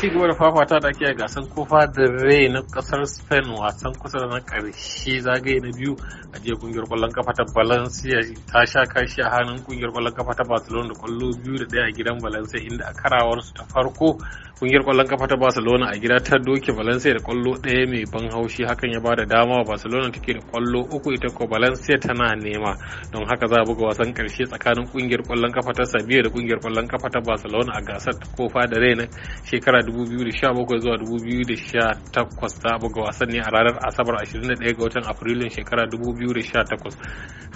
ci gaba da fafata da ake a gasar kofa da rai na kasar spain wasan kusa da na karshe zagaye na biyu a jiya kungiyar kwallon kafa ta valencia ta sha kashi a hannun kungiyar kwallon kafa ta barcelona da kwallo biyu da daya a gidan valencia inda a karawar su ta farko kungiyar kwallon kafa ta barcelona a gida ta doke valencia da kwallo ɗaya mai ban haushi hakan ya ba da dama wa barcelona take da kwallo uku ita ko valencia tana nema don haka za a buga wasan karshe tsakanin kungiyar kwallon kafa ta sabiya da kungiyar kwallon kafa ta barcelona a gasar ta kofa da rai na shekara 2017 zuwa 2018 za a buga wasan ne a ranar asabar 21 ga watan afrilun shekara 2018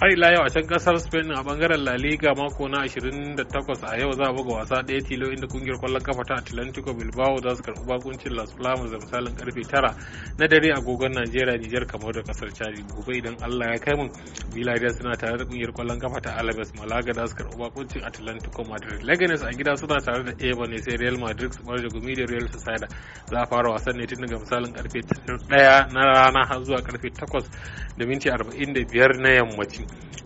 har ila yau a can kasar spain a bangaren la liga mako na 28 a yau za a buga wasa ɗaya tilo inda kungiyar kwallon kafa ta atlantico bilbao za su karɓi bakuncin las palmas da misalin karfe tara na dare agogon najeriya nijar kamar da kasar chadi gobe idan allah ya kai mu villarreal suna tare da kungiyar kwallon kafa ta alaves malaga za su karɓi bakuncin atlantico madrid leganes a gida suna tare da eba ne sai real madrid su bar da gumi da real sociedad za a fara wasan ne tun daga misalin karfe 1 na rana har zuwa karfe 8 da minti 45 na yammaci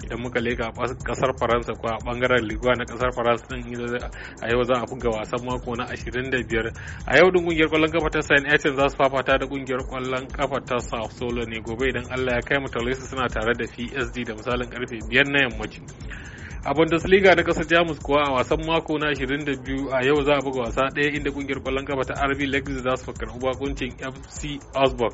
idan muka leka kasar faransa ko a bangaren liguwa na kasar faransa din a yau za a buga wasan mako na 25 a yau din kungiyar kwallon kafa ta sayan etin za su fafata da kungiyar kwallon kafa ta south solo ne gobe idan allah ya kai mu suna tare da psd da misalin karfe biyar na yammaci a bundesliga na kasar jamus kuwa a wasan mako na 22 a yau za a buga wasa ɗaya inda kungiyar kwallon kafa ta rb leipzig za su karɓi bakuncin fc augsburg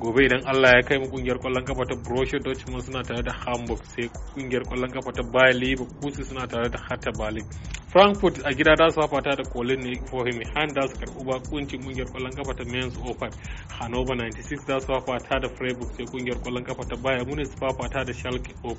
gobe idan allah ya kai mu kungiyar kwallon kafa ta borussia dortmund suna tare da hamburg sai kungiyar kwallon kafa ta bayer leverkusen suna tare da hatta balik frankfurt a gida za su fafata da kolin ne for him hand za su karɓi bakuncin kungiyar kwallon kafa ta mainz ofat hanover 96 za su fafata da freiburg sai kungiyar kwallon kafa ta bayer munich su fafata da schalke 04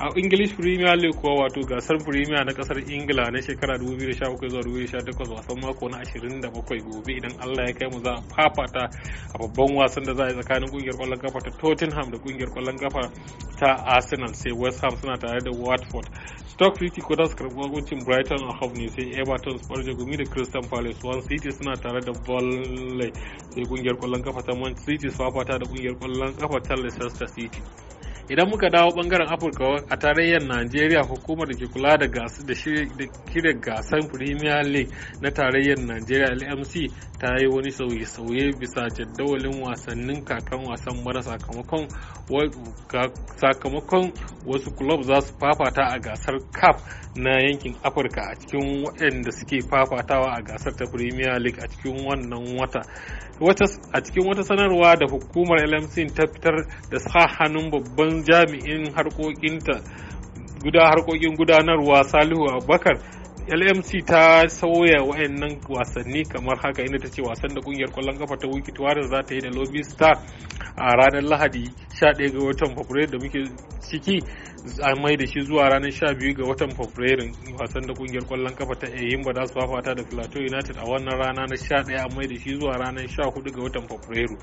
a english premier league kuwa wato gasar Premier na kasar Ingila na shekara 2017 zuwa 2018 wasan mako na 27 gobe idan Allah ya kai mu za a fafata a babban wasan da za a yi tsakanin kungiyar kwallon kafa ta Tottenham da kungiyar kwallon kafa ta Arsenal sai West Ham suna tare da Watford. stock City ko za su karɓi hukuncin Brighton a Hove ne sai Everton su gumi da Crystal Palace. wan City suna tare da volley sai kungiyar kwallon kafa ta manchester City su fafata da kungiyar kwallon kafa ta Leicester City. idan muka dawo bangaren afirka a tarayyar najeriya hukumar da ke kula da shirya gasar premier league na tarayyar najeriya lmc ta yi wani sauye-sauye bisa jadawalin wasannin kakan wasan mara sakamakon wasu club za su fafata a gasar cup na yankin afirka a cikin waɗanda suke fafatawa a gasar ta premier league a cikin wannan wata a cikin wata sanarwa da hukumar lmc ta fitar da sa hannun babban jami'in jami'in ta guda harkokin gudanarwa salihu abubakar lmc ta sauya wayannan wasanni kamar haka inda ta ce wasan da kungiyar kwallon kafa ta wiki tuwarin za ta yi da lobby star a ranar lahadi 11 ga watan fabrairu da muke ciki a mai da shi zuwa ranar 12 ga watan fabrairun wasan da kungiyar kwallon kafa ta eyimba za su fafata da plateau united a wannan rana na 11 a mai da shi zuwa ranar 14 ga watan fabrairu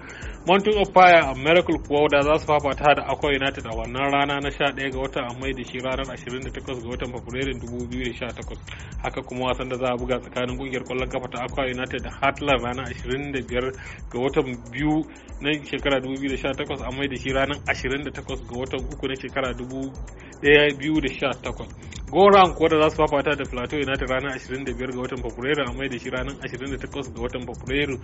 mountain of fire a miracle kuwa da za su fafata da aqua united a wannan rana na 11 ga watan a mai da shi ranar 28 ga watan fabrairun 2018 haka kuma wasan da za a buga tsakanin kungiyar kwallon kafa ta aqua united da heartland ranar 25 ga watan biyu na shekara 2018 a mai da shi ranar 28 ga watan uku na shekara shekara 2018 goran kuwa da za su fafata da plateau united ranar 25 ga watan fabrairu a mai da shi ranar 28 ga watan fabrairu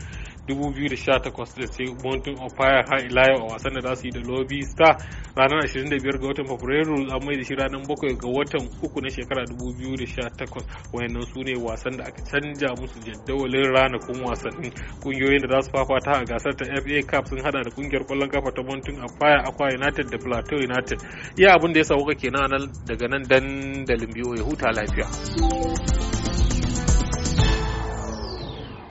2018 da sai mountain of fire har ilaya a wasan da za su yi da lobby star ranar 25 ga watan fabrairu a mai da shi ranar 7 ga watan uku na shekara 2018 wayannan su ne wasan da aka canja musu jadawalin ranakun wasannin kungiyoyin da za su fafata a gasar ta fa cup sun hada da kungiyar kwallon kafa ta mountain of fire aqua united da plateau united iya abin da ya sauka kenan daga nan dan da dandalin biyu ya huta lafiya.